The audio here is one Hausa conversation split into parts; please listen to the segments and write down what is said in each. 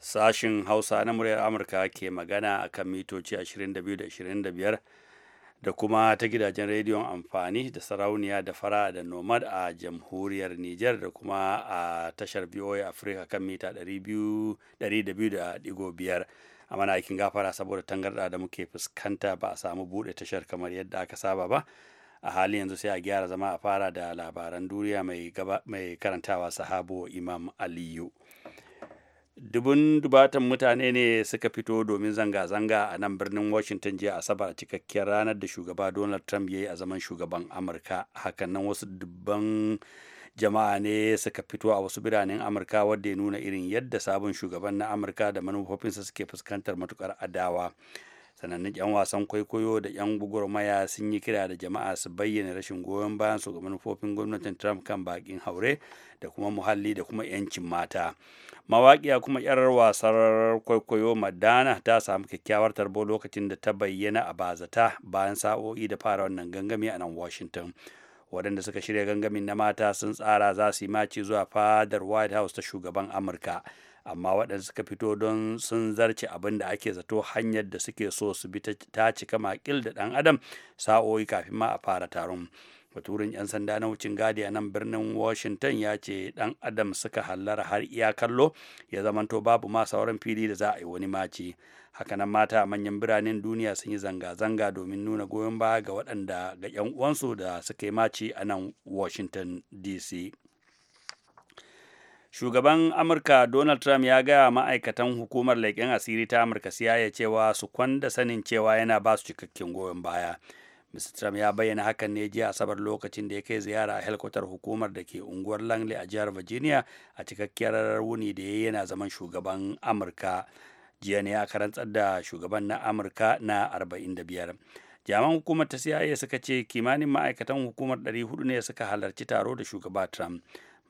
Sashin Hausa na muryar Amurka ke magana a kan mitoci 22 da 25 da kuma ta gidajen rediyon amfani da sarauniya da fara da nomad a jamhuriyar Niger da kuma a tashar VOA Africa kan mita 200 a mana aikin gafara saboda tangarda da muke fuskanta ba a samu buɗe tashar kamar yadda aka saba ba. a halin yanzu sai a gyara zama a fara da labaran duniya mai karantawa sahabo imam aliyu dubun dubatan mutane ne suka fito domin zanga-zanga a nan birnin washington jiya asabar cikakkiyar ranar da shugaba donald trump ya yi a zaman shugaban amurka hakan nan wasu dubban jama'a ne suka fito a wasu biranen amurka wadda ya nuna irin yadda sabon shugaban na amurka da manufofinsa suke fuskantar matukar adawa sanannun 'yan wasan kwaikwayo da 'yan gugurmaya sun yi kira da jama'a su bayyana rashin goyon bayan su ga manufofin gwamnatin trump kan bakin haure da kuma muhalli da kuma 'yancin mata mawaƙiya kuma 'yar wasar kwaikwayo madana ta samu kyakkyawar tarbo lokacin da ta bayyana a bazata bayan sa'o'i da fara wannan gangami a nan washington waɗanda suka shirya gangamin na mata sun tsara za su yi maci zuwa fadar white house ta shugaban amurka amma waɗanda suka fito don sun zarce abin da ake zato hanyar da suke so su bi ta cika makil da ɗan adam sa'o'i kafin ma a fara taron baturin 'yan sanda na wucin gadi a nan birnin washington ya ce ɗan adam suka hallara har iya kallo ya zamanto babu ma sauran fili da za a yi wani maci hakanan mata a manyan biranen duniya sun yi zanga-zanga domin nuna goyon baya ga waɗanda ga 'yan uwansu da suka yi maci a nan washington dc shugaban amurka donald trump ya gaya ma'aikatan hukumar leƙen asiri ta amurka siya ya cewa su kwanda sanin cewa yana ba su cikakken goyon baya mr trump ya bayyana hakan ne jiya asabar lokacin da ya kai ziyara a helikwatar hukumar da ke unguwar langley a jihar virginia a cikakkiyar wuni da ya yana zaman shugaban amurka jiya ne aka rantsar da shugaban na amurka na 45 jaman hukumar ta siya suka ce kimanin ma'aikatan hukumar 400 ne suka halarci taro da shugaba Trump.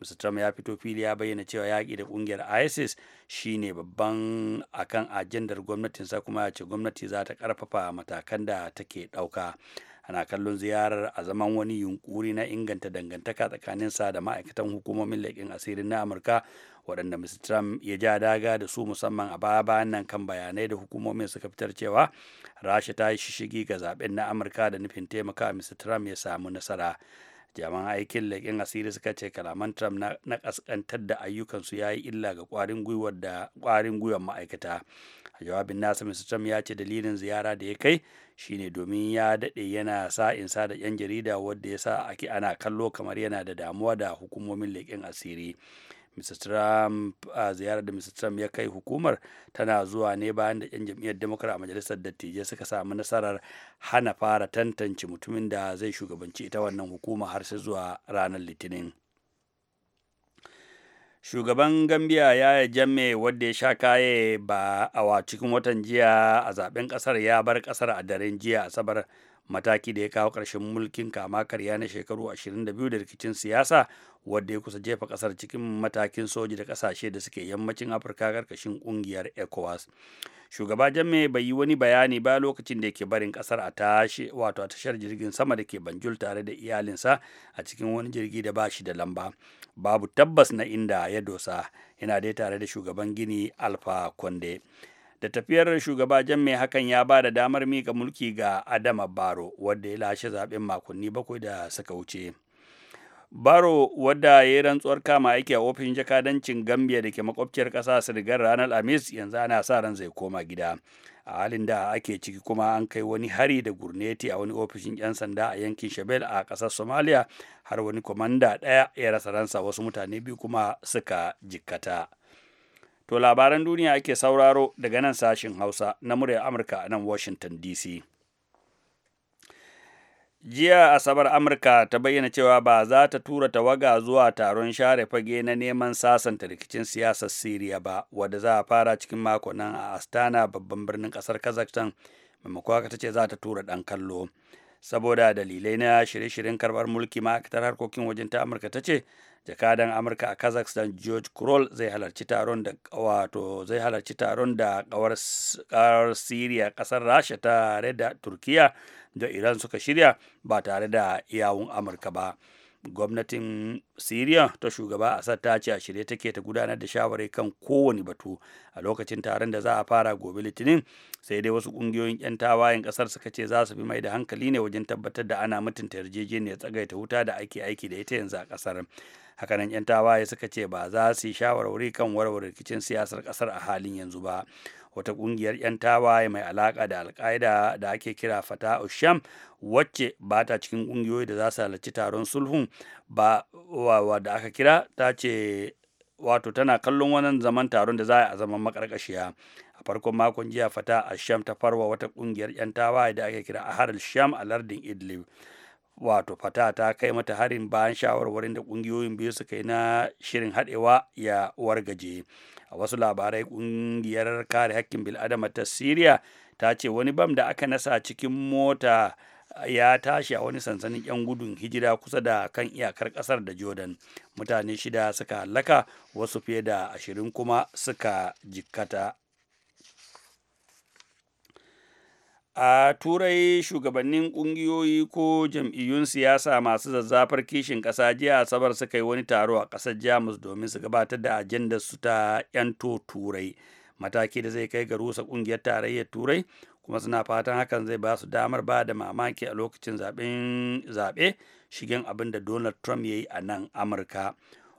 Mr. Trump ya fito fili ya bayyana cewa yaƙi da ƙungiyar ISIS shine babban akan ajandar gwamnatinsa kuma ya ce gwamnati za ta ƙarfafa matakan da take ɗauka. Ana kallon ziyarar a zaman wani yunkuri na inganta dangantaka tsakaninsa da ma'aikatan hukumomin leƙin asirin na Amurka waɗanda Mr. Trump ya ja daga da su musamman a baya bayan nan kan bayanai da hukumomin suka fitar cewa Rasha ta yi shishigi ga zaɓen na Amurka da nufin taimaka Mr. Trump ya samu nasara. jaman aikin leƙin asiri suka ce kalaman trump na ƙasƙantar da ayyukansu ya yi illa ga ƙwarin gwiwar ma'aikata a jawabin nasa mr trump ya ce dalilin ziyara da ya kai shine domin ya daɗe yana sa in sa da yan jarida wadda ya sa ake ana kallo kamar yana da damuwa da hukumomin leƙin asiri Mr. Trump a ziyarar da Mr. Trump ya kai hukumar tana zuwa ne bayan da 'yan jam'iyyar Democrat a majalisar dattijai suka samu nasarar hana fara tantance mutumin da zai shugabanci ita wannan hukuma har sai zuwa ranar Litinin. shugaban gambia ya yi jamme wadda ya sha kaye ba a cikin watan jiya a zaben kasar ya bar kasar a daren jiya a asabar mataki da ya kawo ƙarshen mulkin kama karya na shekaru 22 da rikicin siyasa wadda ya kusa jefa ƙasar cikin matakin soji da ƙasashe da suke yammacin afirka karkashin ƙungiyar ecowas shugaba jamme bai yi wani bayani ba lokacin da yake barin ƙasar a tashi wato a tashar jirgin sama da ke banjul tare da iyalinsa a cikin wani jirgi da ba shi da lamba babu tabbas na inda ya dosa yana dai tare da shugaban gini alfa konde da tafiyar shugaba jamme hakan ya ba da damar mika mulki ga adama baro wadda ya lashe zaɓen makonni bakwai da suka wuce baro wadda ya yi rantsuwar kama aiki a ofishin jakadancin gambia da ke makwabciyar ƙasa sirgar ranar amis yanzu ana sa ran zai koma gida a halin da ake ciki kuma an kai wani hari da gurneti a wani ofishin 'yan sanda a yankin shabel a ƙasar somalia har wani kwamanda ɗaya ya rasa ransa wasu mutane biyu kuma suka jikkata To labaran duniya ake sauraro daga nan sashin Hausa na muryar Amurka a nan Washington DC. Jiya Asabar Amurka ta bayyana cewa ba za ta tura tawaga zuwa taron share fage na neman sasanta rikicin siyasar Siriya ba, wadda za a fara cikin mako nan a Astana babban birnin ƙasar Kazakhstan, maimakon ta ce za ta tura ɗan kallo. saboda dalilai na shirye-shiryen karbar mulki ma'aikatar harkokin wajen ta amurka ta ce jakadan amurka a kazakhstan george kroll zai halarci taron da wato zai halarci taron da kawar siriya kasar rasha tare da turkiya da iran suka shirya ba tare da yawun amurka ba gwamnatin siriya ta shugaba asar ta ce a shirye take ta gudanar da shawarai kan kowane batu a lokacin taron da za a fara gobe litinin sai dai wasu kungiyoyin 'yan tawayen kasar suka ce za su fi mai da hankali ne wajen tabbatar da ana mutunta yarjejeniyar tsagaita wuta da ake aiki da ita yanzu a kasar hakanan 'yan tawaye suka ce ba za su yi shawarwari kan warware rikicin siyasar kasar a halin yanzu ba wata kungiyar 'yan tawaye mai alaka da alkaida da ake kira fata sham wacce ba ta cikin ƙungiyoyi da za su halarci taron sulhun ba wa da aka kira ta ce wato tana kallon wannan zaman taron da za a zaman makarkashiya a farkon makon jiya fata a sham ta farwa wata kungiyar yan tawaye da ake kira a harar sham a lardin idlib wato fata ta kai mata harin bayan shawarwarin da kungiyoyin biyu suka yi na shirin haɗewa ya wargaje a wasu labarai kungiyar kare hakkin bil'adama ta siriya ta ce wani bam da aka nasa cikin mota ya tashi a wani sansanin 'yan gudun hijira kusa da kan iyakar kasar da jordan mutane shida suka hallaka wasu fiye da ashirin kuma suka jikkata A Turai shugabannin ƙungiyoyi ko jam'iyyun siyasa masu zazzafar kishin ƙasa jiya Asabar suka yi wani taro a ƙasar Jamus domin su gabatar da ajandar su ta 'yanto Turai. Mataki da zai kai ga rusa ƙungiyar tarayyar Turai kuma suna fatan hakan zai ba su damar ba da mamaki a lokacin zaɓe shigen abin da Donald Trump ya yi a nan Amurka.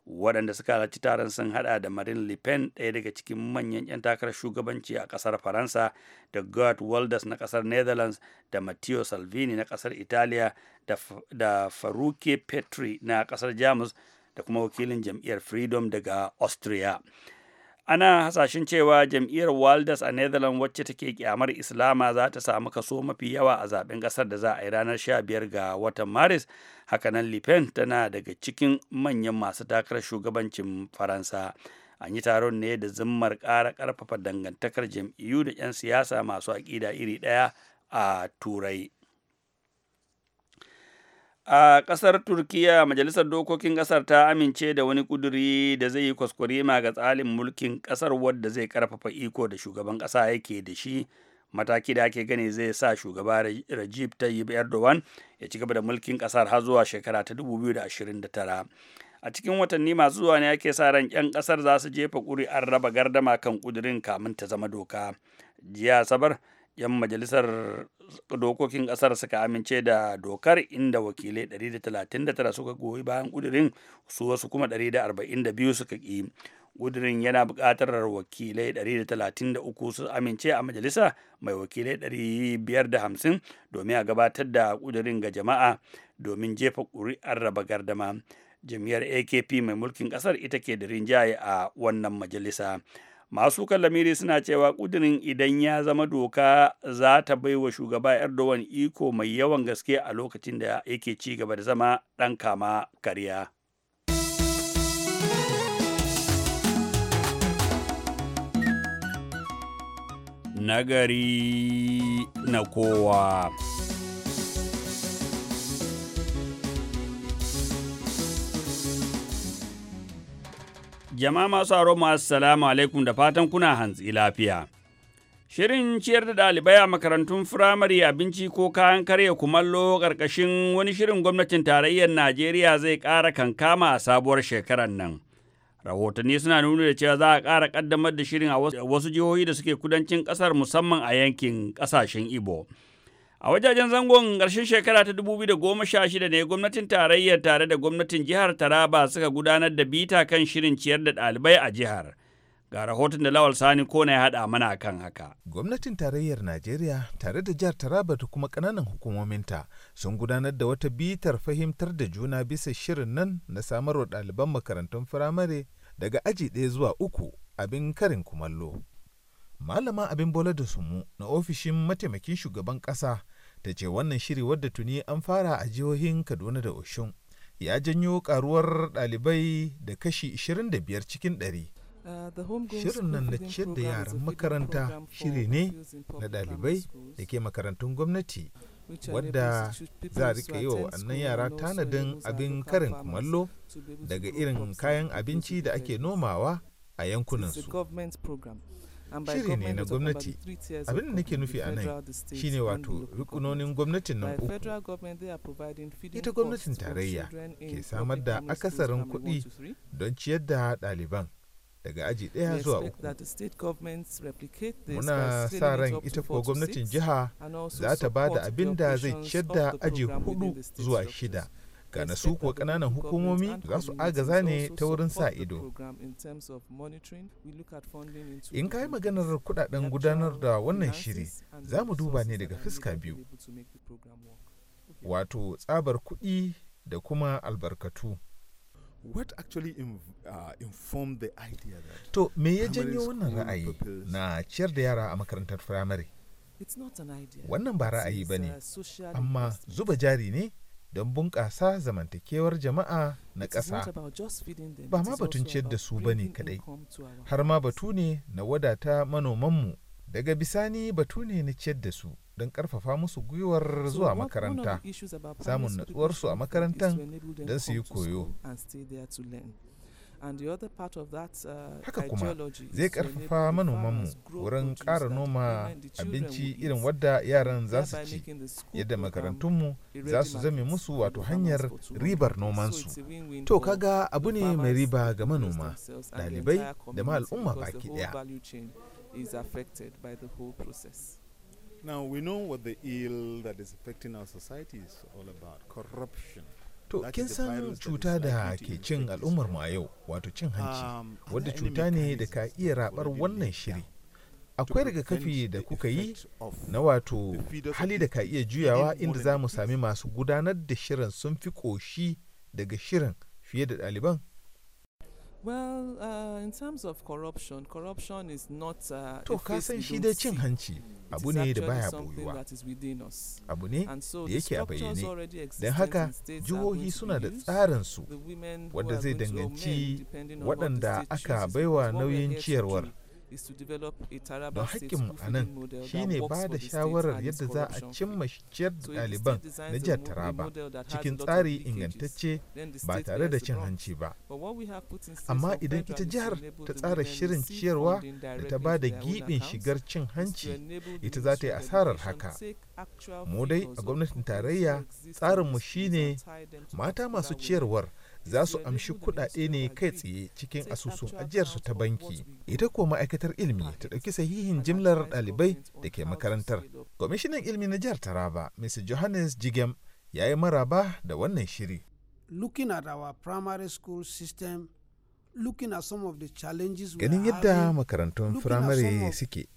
waɗanda suka halarci taron sun hada da marine le pen ɗaya daga cikin manyan 'yan takarar shugabanci a ƙasar faransa da gert wilders na ƙasar netherlands da matteo salvini na ƙasar italiya da, da faruke petri na ƙasar jamus da kuma wakilin jam'iyyar freedom daga austria ana hasashen cewa jam'iyyar walders a netherlands wacce take kyamar islama za ta samu kaso mafi yawa a zaben kasar da za a yi ranar 15 ga watan maris hakanan Le Pen tana daga cikin manyan masu takarar shugabancin faransa an yi taron ne da zimmar ƙara ƙarfafa dangantakar jam'iyyu da 'yan siyasa masu aƙida iri ɗaya a turai A ƙasar turkiya Majalisar Dokokin ƙasar ta amince da wani ƙuduri da zai yi kwaskwarima ga tsalin mulkin ƙasar wadda zai karfafa iko da shugaban ƙasa yake da shi. Mataki da ake gani zai sa shugaba Rajib Tayyip Erdogan ya ci gaba da mulkin ƙasar har zuwa shekara ta 2029. A cikin watanni masu zuwa ne ake sa ran 'yan ƙasar za su jefa ƙuri'ar raba gardama kan ƙudurin kamin ta zama doka. Jiya Sabar, 'yan majalisar dokokin kasar suka amince da dokar inda wakilai 139 suka goyi bayan kudirin su wasu kuma 142 suka ƙi kudirin yana buƙatar wakilai 133 su amince a majalisa mai wakilai da hamsin domin a gabatar da ƙudurin ga jama'a domin jefa ƙuri'ar raba gardama jam'iyyar akp mai mulkin ƙasar ita ke da rinjaye a wannan majalisa. masu kallamiri suna cewa kudirin idan ya zama doka za ta bai wa shugaba erdogan iko mai yawan gaske a lokacin da yake ci gaba da zama ɗan kama karya nagari na kowa Jama'a masu aro mu assalamu alaikum da fatan kuna hantsi lafiya. Shirin ciyar da ɗalibai a makarantun firamare abinci ko kayan karya kumallo ƙarƙashin wani shirin gwamnatin tarayyar Najeriya zai ƙara kankama a sabuwar shekarar nan. Rahotanni suna nuna da cewa za a ƙara ƙaddamar da shirin a wasu jihohi da suke kudancin ƙasar musamman a yankin ƙasashen Ibo. A wajajen zangon ƙarshen shekara ta da goma sha shida ne gwamnatin tarayyar tare da gwamnatin jihar Taraba suka gudanar da bita kan shirin ciyar da ɗalibai a jihar. Ga rahoton da Lawal Sani Kona ya haɗa mana kan haka. Gwamnatin tarayyar Najeriya tare da jihar Taraba da kuma ƙananan hukumominta sun gudanar da wata bitar fahimtar da juna bisa shirin nan na samarwa ɗaliban makarantun firamare daga aji ɗaya zuwa uku abin karin kumallo. Malama abin bola da sumu na ofishin mataimakin shugaban ƙasa ta ce wannan shiri wadda tuni an fara a jihohin kaduna da oshun ya janyo karuwar dalibai da kashi 25 cikin 100 shirin nan na ciyar da yaran makaranta shiri ne na dalibai da ke makarantun gwamnati wadda za a rika yi wa wannan yara tanadin abin karin kumallo daga irin kayan abinci da ake nomawa a yankunansu shiri ne na gwamnati abin da nake nufi a nan shine wato rukunonin gwamnatin nan uku ita gwamnatin tarayya ke samar da akasarin kuɗi don ciyar da ɗaliban daga aji ɗaya zuwa uku muna sa ran ita kuwa gwamnatin jiha za ta ba da abin da zai ciyar da aji hudu zuwa shida ga na su kuwa ƙananan hukumomi za su agaza ne ta wurin sa ido in ka yi maganar kudaden gudanar da wannan shiri za mu duba ne daga fuska biyu wato tsabar kuɗi da kuma albarkatu uh, to me ya janyo wannan ra'ayi na ciyar da yara a makarantar firamare wannan ba ra'ayi ba ne amma zuba jari ne don bunƙasa zamantakewar jama'a na ƙasa ba ma batun ciyar da su ba ne kaɗai har ma batu ne na wadata manomanmu daga bisani batu ne na ciyar da su don ƙarfafa musu gwiwar zuwa makaranta samun natsuwarsu a makarantar don su yi koyo and the other part of that uh, haka kuma zai karfafa manomanmu wurin ƙara noma abinci irin wadda yaran za su ci yadda makarantunmu za su zame musu wato hanyar ribar nomansu to kaga abu ne mai riba ga manoma ɗalibai da ma al'umma baki daya is by the process. Now we know what the ill that is affecting our society is all about corruption. To, kin san cuta da ke cin al'ummar mu a yau, wato cin um, hanci, wadda cuta ne da ka iya rabar wannan shiri. Akwai daga kafi da kuka yi na wato hali da ka iya juyawa inda za mu sami masu gudanar da shirin sun fi ƙoshi daga shirin fiye da ɗaliban. Uh, is not uh, to ka san shi dai cin hanci abu ne da baya boyuwa. Abu ne da yake a bayyane. Don haka jihohi suna da tsarin su wadda zai danganci waɗanda aka baiwa nauyin ciyarwar. Don to develop a nan, shi anan shine ba da shawarar yadda za a cimma ciyar da ɗaliban na jihar Taraba cikin tsari ingantacce ba tare da cin hanci ba. Amma idan ita jihar ta tsara shirin ciyarwa da ta ba da giɓin shigar cin hanci ita za ta yi asarar haka. Mu dai a gwamnatin tarayya tsarinmu shine mata masu ciyarwar za su amshi kuɗaɗe ne kai tsaye cikin asusun ajiyarsu ta banki ita kuwa ma'aikatar ilimi ta ɗauki sahihin jimlar ɗalibai da ke makarantar kwamishinan ilimi na jihar taraba mr johannes jigem ya yi maraba da wannan shiri looking at our primary school system looking at some of the challenges ganin yadda makarantun firamare suke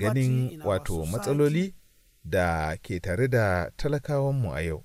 ganin wato matsaloli da ke tare da talakawanmu a yau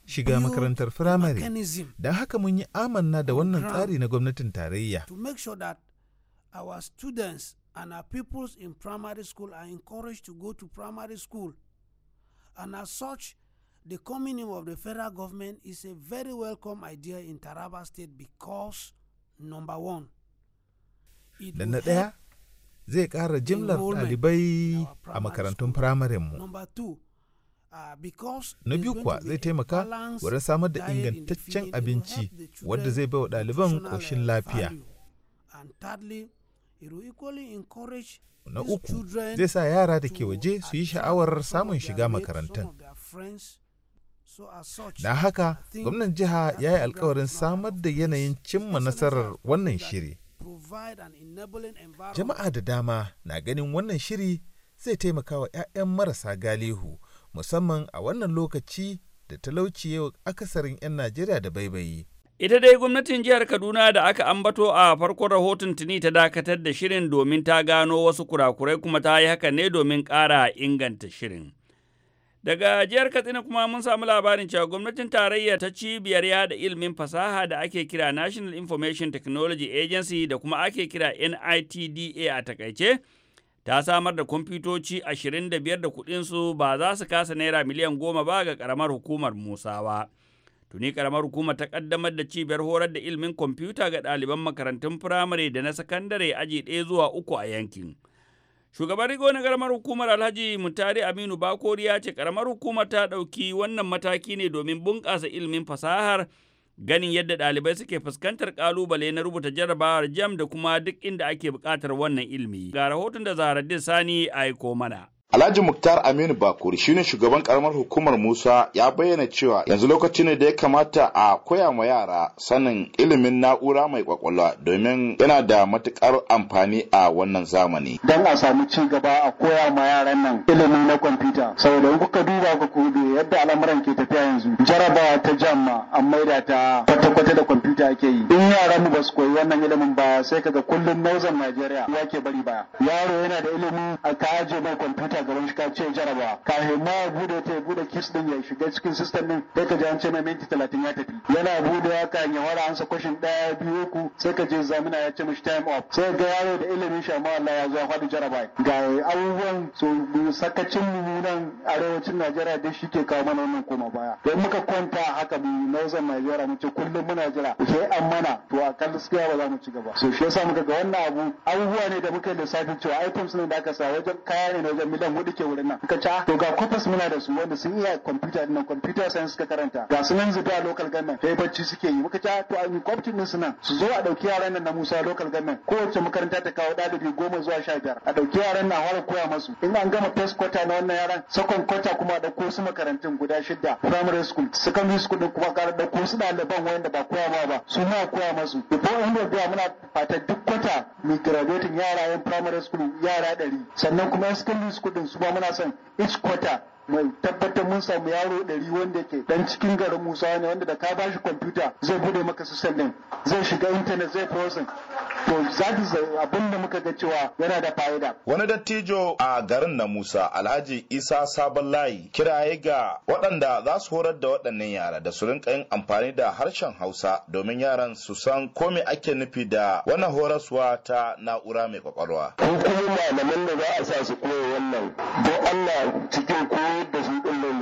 shiga makarantar firamare don haka mun yi amanna da wannan tsari na gwamnatin tarayya our students and our pupils in primary school are encouraged to go to primary school. And as such, the coming of the federal government is a very welcome idea in Taraba State because, number one, it will help zai ƙara jimlar ɗalibai a makarantun firamarenmu. Number two, Uh, na biyu kuwa zai taimaka wurin samar da ingantaccen abinci wadda zai baiwa ɗaliban uh, ƙoshin lafiya. Na uku zai sa yara da ke waje su yi sha'awar samun shiga makarantar. Na haka, gwamnan jiha ya yi alkawarin samar da yanayin cimma nasarar wannan shiri. Jama'a da dama na ganin wannan shiri zai taimaka wa 'ya'yan marasa galihu. musamman a wannan lokaci da talauci yau akasarin 'yan Najeriya da baibayi. Ita dai gwamnatin jihar Kaduna da aka ambato a farkon rahoton tuni ta dakatar da shirin domin ta gano wasu kurakurai kuma ta yi haka ne domin ƙara inganta shirin. Daga jihar Katsina kuma mun samu labarin cewa gwamnatin tarayya ta cibiyar yada ilimin fasaha da ake kira National Information Technology Agency da kuma ake kira NITDA a takaice. ta samar da kwamfutoci ashirin da biyar da kuɗinsu ba za su kasa naira miliyan goma ba ga karamar hukumar Musawa. Tuni karamar hukumar ta ƙaddamar da cibiyar horar da ilmin kwamfuta ga ɗaliban makarantun firamare da na sakandare aji ɗaya zuwa uku a yankin. Shugaban rigo na ƙaramar hukumar Alhaji Mutari Aminu Bakori ya ce karamar hukumar ta ɗauki wannan mataki ne domin bunƙasa ilmin fasahar Ganin yadda ɗalibai suke fuskantar ƙalubale na rubuta jarabawar jam da kuma duk inda ake buƙatar wannan ilimi. Ga rahoton da Zaharaddin Sani aiko mana. Alhaji Muktar Aminu Bakuri shine shugaban karamar hukumar Musa ya bayyana cewa yanzu lokaci ne da ya kamata a koya ma yara sanin ilimin na'ura mai kwakwalwa domin yana da matukar amfani a wannan zamani. Don a samu ci gaba a koya ma yaran nan ilimi na kwamfuta saboda in kuka duba ku kudu yadda al'amuran ke tafiya yanzu jarabawa ta jamma an maida ta kwata-kwata da kwamfuta ake yi. In yara mu ba su koyi wannan ilimin ba sai kaga kullum nauzan Najeriya ya ke bari baya. Yaro yana da ilimi a ka mai kwamfuta a gaban shi ka ce jaraba kafin ma bude ta ya bude kis din ya shiga cikin system din sai ka ji an ce mai minti talatin ya tafi yana budewa ka yi wara sa kwashin daya biyu uku sai ka je zamina ya ce mishi time up sai ga yaro da ilimin shi amma Allah ya zo ya jaraba ga abubuwan so sakacin mu nan arewacin Najeriya da shi ke kawo mana wannan koma baya don muka kwanta haka mu nauzan Najeriya mu ce kullum muna jira sai an mana to a kan gaskiya ba za mu ci gaba so shi yasa muka ga wannan abu abubuwa ne da muka lissafi cewa items ne da aka sa wajen kaya ne wajen miliyan hudu ke wurin nan ka ca to ga kwafas muna da su wanda sun iya computer din nan computer science suka karanta ga su nan zuba local government sai bacci suke yi muka ca to an yi kwaftin din su nan su zo a dauki yaran nan na Musa local government kowace makaranta ta kawo dalibi goma zuwa sha biyar a dauki yaran na har koya masu in an gama first quarter na wannan yaran second quarter kuma da ko su makarantun guda shida primary school secondary school din kuma kara da ko su ɗaliban wanda ba koya ba su ma koya masu before an of muna fata duk kwata mai graduating yara yan primary school yara ɗari sannan kuma yan secondary school din su ba muna son each quarter mai tabbatar mun samu yaro ɗari wanda ke dan cikin garin Musa ne wanda da ka bashi kwamfuta zai bude maka su sannan zai shiga intanet zai frozen to zaki abin da muka ga cewa yana da fa'ida wani dattijo a garin na Musa Alhaji Isa Sabon Layi kiraye ga waɗanda za su horar da waɗannan yara da su rinka yin amfani da harshen Hausa domin yaran su san ko me ake nufi da wannan horaswa ta na'ura mai kwakwalwa ko kuma malaman da za a sa su koya wannan don Allah cikin koyo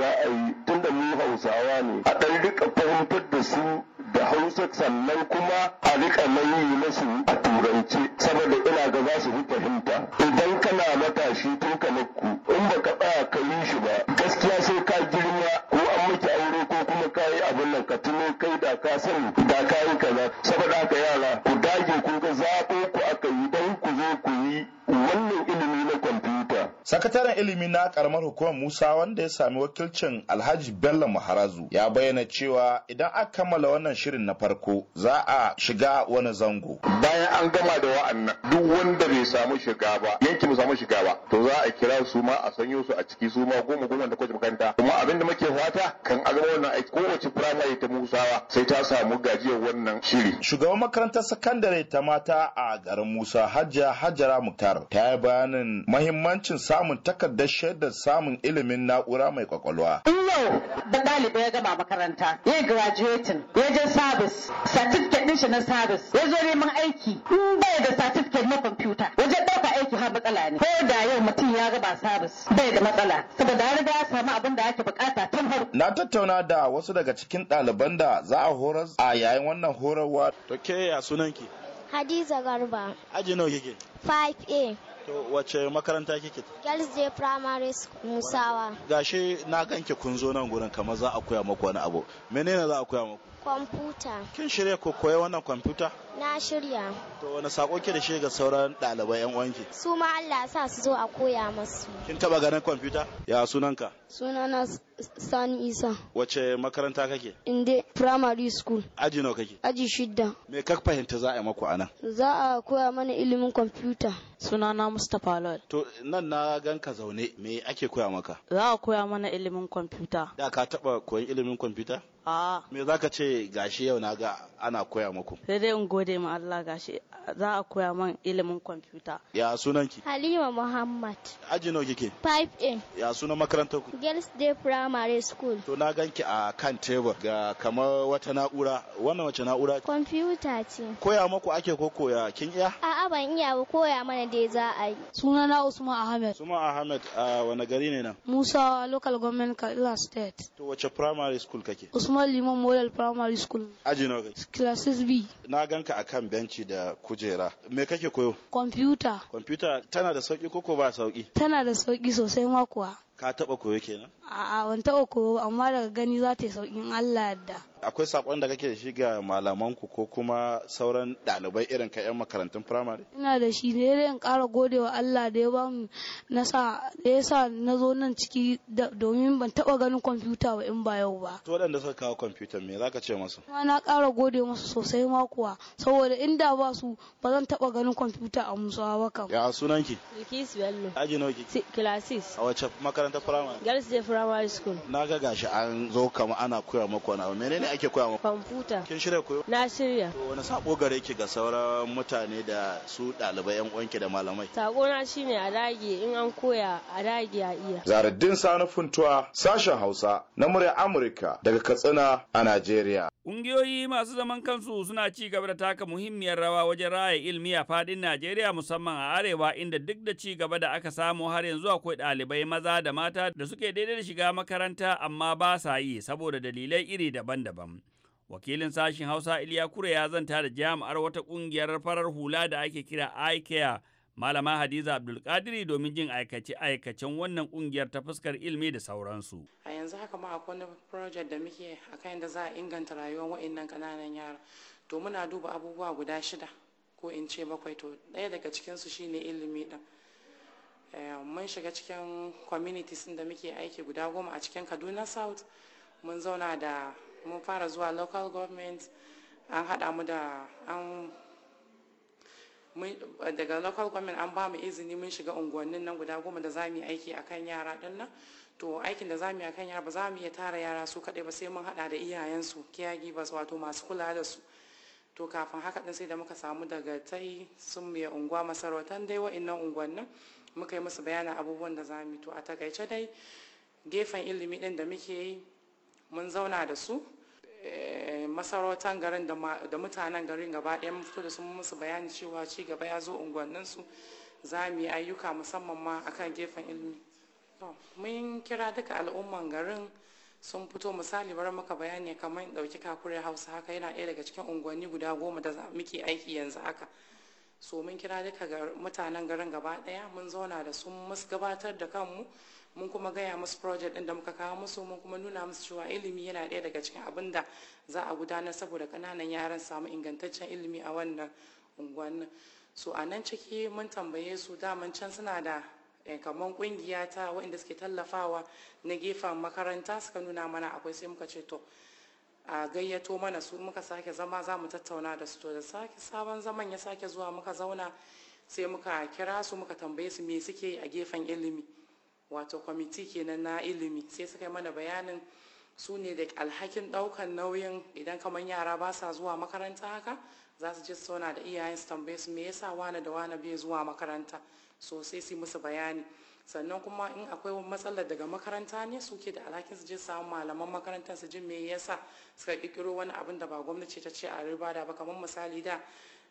za a yi tunda mu hausawa ne a ɗan rika fahimtar da su da hausa sannan kuma a rika nauyi su a turance saboda ina ga za su fi fahimta idan kana matashi tun ka nakku in ba ka tsaya ka yi shi ba gaskiya sai ka girma ko an miki aure ko kuma ka yi abin nan ka tuno kai da ka sani da ka yi kaza saboda haka yara ku da sakataren ilimi na karamar hukumar musa wanda ya sami wakilcin alhaji bello maharazu ya bayyana cewa idan aka kammala wannan shirin na farko za a shiga wani zango bayan an gama da wa'annan duk wanda bai samu shiga ba yanki mu samu shiga ba to za a kira su ma a sanyo su a ciki su ma goma goma da kwace makaranta kuma abin da muke fata kan azama wannan aiki kowace firamare ta musawa sai ta samu gajiyar wannan shiri shugaban makarantar sakandare ta mata a garin musa hajja hajjara muktar ta yi bayanin mahimmancin sa samun takardar shaidar samun ilimin na'ura mai kwakwalwa. In yau da ɗalibai ya gama makaranta, ya yi graduating, ya je sabis, certificate ɗin shi na sabis, ya zo neman aiki, in bai da certificate na kwamfuta, wajen ɗauka aiki har matsala ne. Ko da yau mutum ya gaba sabis, bai da matsala, saboda har da ya samu abin da ake bukata tun har. Na tattauna da wasu daga cikin ɗaliban da za a horar a yayin wannan horarwa. To ke ya sunanki? Hadiza Garba. Aji nawa kike? 5A. To wace makaranta kike? Girls Day Primary School Musawa. Gashi na ganke kun zo nan gurin kamar za a koya muku wani abu. Menene za a koya muku? Kwamfuta. Kin shirya ko koya wannan kwamfuta? Na shirya. To wani sako ke da shi ga sauran ɗalibai yan wanki Su ma Allah sa su zo a koya masu. Kin taba ganin kwamfuta? Ya sunanka? Sunana Sani Isa. Wace makaranta kake? Inde Primary School. Aji nawa kake? Aji shidda. Me ka fahimta za a yi maku anan? Za a koya mana ilimin kwamfuta. Sunana Mustapha Lord. To nan na gan ka zaune me ake koya maka? Za a koya mana ilimin kwamfuta. Da ka taba koyan ilimin kwamfuta? me me zaka ce gashi yau na ga ana koya muku sai dai in gode ma Allah gashi za a koya man ilimin kwamfuta ya sunan ki? Halima Muhammad aji nawa kike 5A ya sunan makarantar ku Girls Day Primary School to na ganki a kan tebur ga kamar wata na'ura wannan wace na'ura kwamfuta ce koya muku ake ko koya kin iya a'a ban iya ba koya mana dai za a yi sunana Usman Ahmed Usman Ahmed a wani gari ne nan Musa local government Kaduna state to wace primary school kake Usman Usman Liman Model Primary School. Aji nawa kai? Classes B. Na ganka kan benci da kujera. Me kake koyo? Computer. Computer tana da sauki ko ba sauki? Tana da sauki sosai ma kuwa. Ka taba koyo kenan? A'a ban taɓa koyo amma daga gani za ta yi sauƙin Allah yadda. Akwai saƙon da kake da shi ga malamanku ko kuma sauran ɗalibai irin ka 'yan makarantun firamare? Ina da shi ne dai in ƙara gode wa Allah da ya ba mu sa da ya sa na zo nan ciki domin ban taɓa ganin kwamfuta ba in ba yau ba. To waɗanda suka kawo kwamfuta me za ka ce masu? Ma na ƙara gode masu sosai ma kuwa saboda inda ba su ba zan taɓa ganin kwamfuta a musu ba kam. Ya sunanki? Bilkisu Bello. Aji nawa kike? Classes. A wacce makarantar firamare? Girls Day Firamare. primary School. Na ga gashi an zo kama ana koya muku wani abu. Menene ake koya muku? Kwamfuta. Kin shirya koyo? Na shirya. To wani sako gare ki ga sauran mutane da su dalibai yan uwanki da malamai? Sako na shine a dage in an koya a dage a iya. Zaruddin Sanu Funtuwa sashen Hausa na murya Amurka daga Katsina a Najeriya. Ƙungiyoyi masu zaman kansu suna ci gaba da taka muhimmiyar rawa wajen raya ilimi a fadin Najeriya musamman a arewa inda duk da ci gaba da aka samu har yanzu akwai ɗalibai maza da mata da suke daidai da shiga makaranta amma ba sa yi saboda dalilai iri daban-daban. Wakilin sashen Hausa Iliya Kure ya zanta da jami'ar wata ƙungiyar farar hula da ake kira ICARE Malama Hadiza Abdulkadiri domin jin aikace-aikacen wannan ƙungiyar ta fuskar ilimi da sauransu. A yanzu haka ma akwai wani project da muke a kan yadda za a inganta rayuwar waɗannan ƙananan yara. To muna duba abubuwa guda shida ko in ce bakwai to ɗaya daga cikinsu shine ilimi ɗin. Eh, mun shiga cikin communities da muke aiki guda goma a cikin kaduna south mun zauna da mun fara zuwa local government an haɗa mu da an daga local government an ba mu izini mun shiga unguwannin nan guda goma da za mu yi aiki akan yara ɗin nan to aikin da za mu yi akan yara ba za mu iya tara yara su kaɗai ba sai mun haɗa da iyayensu caregivers wato masu kula da su to kafin haka ɗin sai da muka samu daga tai sun mai unguwa masarautan dai wa'innan unguwannin muka yi musu bayanin abubuwan da za mu to a takaice dai gefen ilimi din da muke yi mun zauna da su eh, masarautar garin da mutanen garin gaba ɗaya mun fito da su musu bayani cewa ci gaba ya zo unguwanninsu za mu yi ayyuka musamman ma akan gefen ilimi mun kira duka al'umman garin sun fito misali bari maka bayani kamar ɗauki kakure hausa haka yana ɗaya daga cikin unguwanni guda goma da muke aiki yanzu haka so mun kira duka mutanen garin gaba daya mun zauna da su musu gabatar da kanmu mun kuma gaya musu project din da muka kawo musu mun kuma nuna musu cewa ilimi yana daya daga cikin abin da za a gudanar saboda kananan yaran samu ingantaccen ilimi a wannan unguwanni so a nan ciki mun tambaye su daman can suna da eh, kamar kungiya ta waɗanda suke tallafawa na gefen makaranta suka nuna mana akwai sai muka ce to a gayyato mana su muka sake zama za mu tattauna da su to da sake sabon zaman ya sake zuwa muka zauna sai muka kira su muka tambaye su me suke a gefen ilimi wato kwamiti kenan na ilimi sai suka yi mana bayanin su ne da alhakin daukan nauyin idan kamar yara ba sa zuwa makaranta haka za su je su da iyayen su tambaye su me yasa wane da wane bai zuwa makaranta sosai sai su musu bayani sannan kuma in akwai matsalar daga makaranta ne suke da alhakin su je samu malaman makarantar su ji me yasa suka kikiro wani abin da ba gwamnati ta ce a riba da ba kamar misali da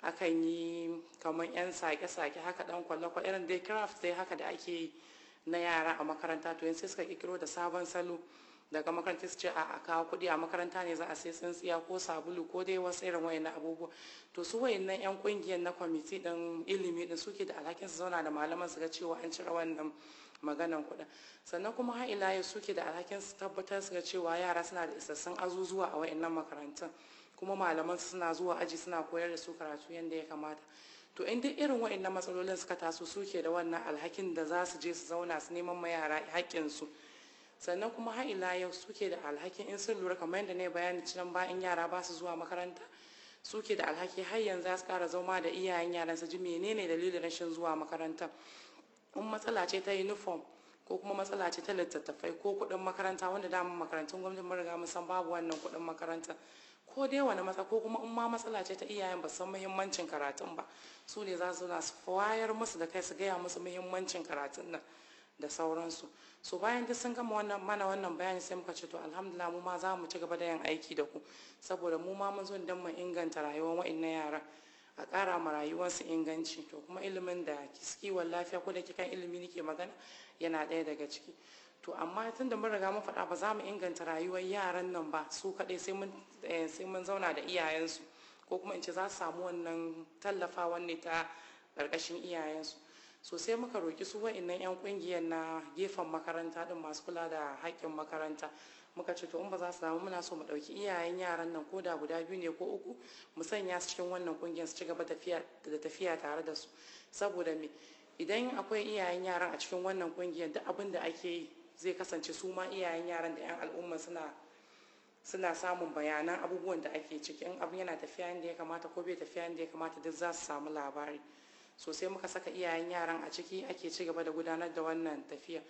akan yi kamar yan sake-sake haka dan ko irin dai craft dai haka da ake yi na yara a makaranta to yanzu sai suka kikiro da sabon salo daga makaranta su ce a kawo kuɗi a makaranta ne za a sai tsintsiya ko sabulu ko dai wasu irin na abubuwa to su wayannan yan kungiyar na kwamiti din ilimi din suke da alhakin su zauna da malaman su ga cewa an cire wannan maganan kuɗin sannan kuma har ila yau suke da alhakin su tabbatar su ga cewa yara suna da isassun azuzuwa a wayannan makarantun kuma malaman su suna zuwa aji suna koyar da su karatu yadda ya kamata to in duk irin nan matsalolin suka taso suke da wannan alhakin da za su je su zauna su neman ma yara haƙƙinsu su sannan kuma har ila yau suke da alhakin in sun lura kamar yadda ne bayani cinan bayan yara ba su zuwa makaranta suke da alhaki har yanzu za su kara zama da iyayen yaran su ji menene dalilin rashin zuwa makaranta in matsala ce ta uniform ko kuma matsala ce ta littattafai ko kuɗin makaranta wanda dama makarantun gwamnati mun riga mun san babu wannan kuɗin makaranta ko dai wani matsa ko kuma in ma matsala ce ta iyayen ba san muhimmancin karatun ba su ne za su na su wayar musu da kai su gaya musu muhimmancin karatun nan da sauransu so bayan duk sun gama wannan mana wannan bayani sai muka ce to alhamdulillah mu ma za mu ci gaba da yin aiki da ku saboda mu ma mun zo don mu inganta rayuwar wa'annan yara a ƙara ma rayuwarsu inganci to kuma ilimin da kiwon lafiya ko da kikan ilimi nake magana yana ɗaya daga ciki to amma tun da mun riga mun faɗa ba za mu inganta rayuwar yaran nan ba su kaɗai sai mun eh, sai mun zauna da iyayensu ko kuma in ce za su samu wannan tallafawa ne ta ƙarƙashin iyayensu so sai muka roki su wa'annan 'yan kungiyar na gefen makaranta din masu kula da haƙƙin makaranta muka ce to in ba za su damu muna so mu ɗauki iyayen yaran nan ko da guda biyu ne ko uku mu sanya su cikin wannan kungiyar su ci gaba da tafiya tare da su saboda me idan akwai iyayen yaran a cikin wannan kungiyar duk abin da ake yi zai kasance su ma iyayen yaran da 'yan al'umma suna suna samun bayanan abubuwan da ake ciki in abin yana tafiya yadda ya kamata ko bai tafiya yadda ya kamata duk za su samu labari so sai muka saka iyayen yaran a ciki ake ci gaba da gudanar da wannan tafiya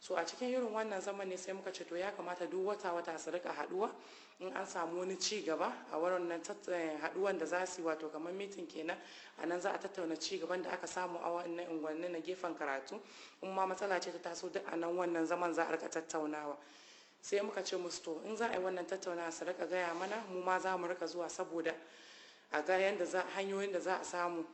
so a cikin irin wannan zaman ne sai muka ce to ya kamata duk wata wata su rika haduwa in an samu wani ci gaba a wannan eh, haduwan da za su wato kamar mitin kenan a nan za a tattauna ci gaban da aka samu a wannan unguwanni na gefen karatu in ma matsala ce ta taso duk a nan wannan zaman za a rika tattaunawa sai muka ce musu to in za a yi wannan tattaunawa su rika gaya mana mu ma za mu rika zuwa saboda a ga yadda hanyoyin da za a samu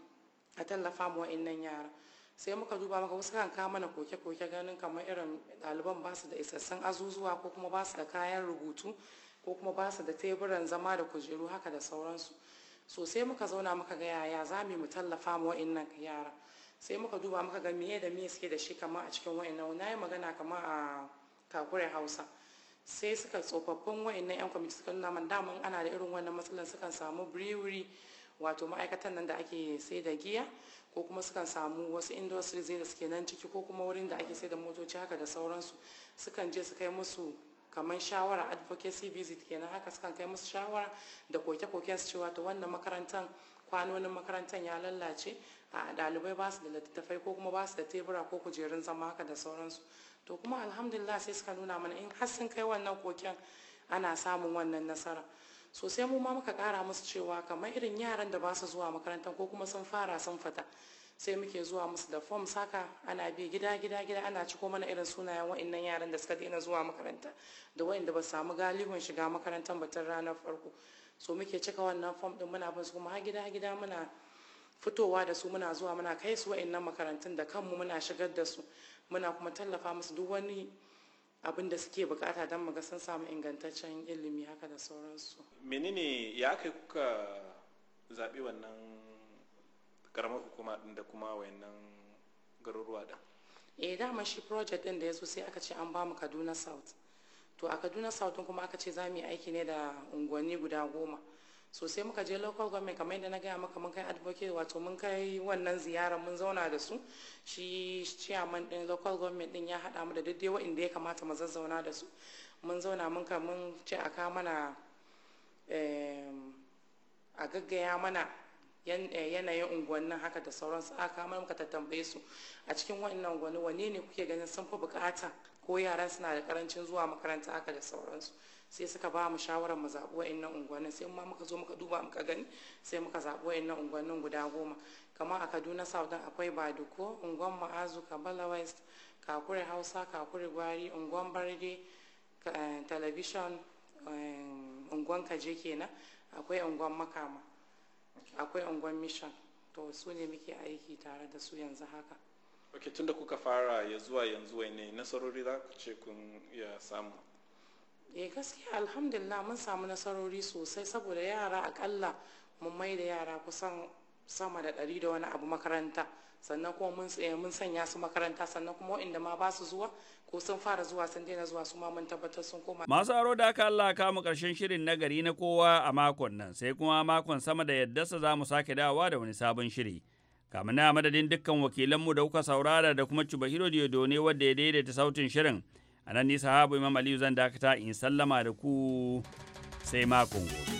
a tallafa ma wa'annan yara sai muka duba maka wasu kan kawo mana koke-koke ganin kamar irin ɗaliban basu da isassun azuzuwa ko kuma basu da kayan rubutu ko kuma basu da teburan zama da kujeru haka da sauransu so sai muka zauna muka ga yaya za mu tallafa ma wa'annan yara sai muka duba muka ga miye da miye suke da shi kamar a cikin wa'annan na yi magana kamar a kakure hausa sai suka tsofaffin wa'annan yan kwamiti suka nuna man daman ana da irin wannan matsalan sukan samu brewery wato ma'aikatan nan da ake sai da giya ko kuma sukan samu wasu industries da suke nan ciki ko kuma wurin da ake sai da motoci haka da sauransu sukan je su kai musu kamar shawara advocacy visit kenan haka sukan kai musu shawara da koke-koken su cewa to wannan makarantar kwanonin makarantar ya lallace a ɗalibai ba su da littattafai ko kuma ba su da tebura ko kujerun zama haka da sauransu to kuma alhamdulillah sai suka nuna mana in har sun kai wannan koken ana samun wannan nasara so sai mu ma muka kara musu cewa kamar irin yaran da ba su zuwa makarantar ko kuma sun fara sun fata sai muke zuwa musu da form saka ana bi gida gida gida ana ciko mana irin sunayen wa'annan yaran da suka daina zuwa makaranta da wa'anda ba samu galihun shiga makarantar batun ranar farko so muke cika wannan form din muna bin su kuma har gida gida muna fitowa da su muna zuwa muna kai su wa'annan makarantun da kanmu muna shigar da su muna kuma tallafa musu duk wani abin da suke bukata don muga sun samu ingantaccen ilimi haka da sauransu menene ya kai kuka zaɓi wannan karamar hukuma ɗin da kuma wayannan garuruwa da? eh dama shi project din da ya zo sai aka ce an bamu kaduna south to a kaduna south kuma aka ce za mu yi aiki ne da unguwanni guda goma so sai muka je local government kamar yadda na gaya maka mun kai advocate wato mun kai wannan ziyara mun zauna da su shi chairman din local government din ya haɗa mu da daidai wa'inda ya kamata mu zazzauna da su mun zauna mun ka mun ce a ka mana a gaggaya mana eh, yanayin unguwannin haka da sauransu ka mai muka tattambaye su a cikin wannan unguwanni wane ne kuke ganin sun fi bukata ko yaran suna da karancin zuwa makaranta haka da sauransu sai suka ba mu shawarar mu zaɓi wa'annan unguwannin sai ma muka zo muka duba muka gani sai muka zaɓi wa'annan unguwannin guda goma kamar a kaduna south din akwai baduko unguwan ma'azu kabala west kakuri hausa kakuri gwari unguwan barde eh, television eh, unguwan kaje kenan akwai unguwan makama akwai unguwan mission to su ne muke aiki tare da su yanzu haka ok tunda kuka fara ya zuwa yanzu ne nasarori za ku ce kun iya samu eh gaskiya alhamdulillah mun samu nasarori sosai saboda yara akalla mun mai da yara kusan sama da ɗari da wani abu makaranta sannan kuma mun mun sanya su makaranta sannan kuma inda ma ba su zuwa ko sun fara zuwa sun daina zuwa su ma mun tabbatar sun koma. Masu aro da aka Allah kamu ƙarshen shirin na gari na kowa a makon nan sai kuma makon sama da yadda za zamu sake dawowa da wani sabon shiri. kamin na madadin dukkan wakilanmu da kuka saurara da kuma Cibahiro Diodone wadda ya daidaita sautin shirin. a nan nisa habu imam aliyu zan dakata in sallama da ku sai makon gobe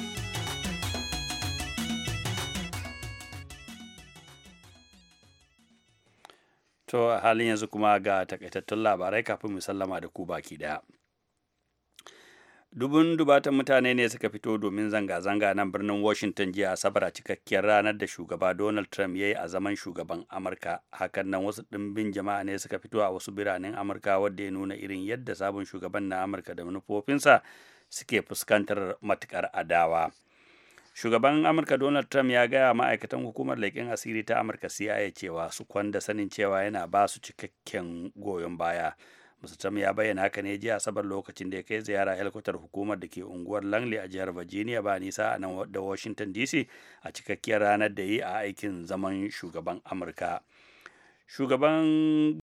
to halin yanzu kuma ga takaitattun labarai kafin mu sallama da ku baki daya dubun dubatan mutane ne suka fito domin zanga-zanga nan birnin washington jiya asabar a cikakkiyar ranar da shugaba donald trump ya yi a zaman shugaban amurka hakan nan wasu ɗimbin jama'a ne suka fito a wasu biranen amurka wadda ya nuna irin yadda sabon shugaban na amurka da manufofinsa suke fuskantar matukar adawa shugaban amurka donald trump ya gaya ma'aikatan hukumar leƙen asiri ta amurka cia cewa su kwanda sanin cewa yana ba su cikakken goyon baya Musa tam ya bayyana haka ne jiya asabar lokacin da ya kai ziyara helikwatar hukumar da ke unguwar Langley a jihar Virginia ba nisa a nan da Washington DC a cikakkiyar ranar da yi a aikin zaman shugaban Amurka. Shugaban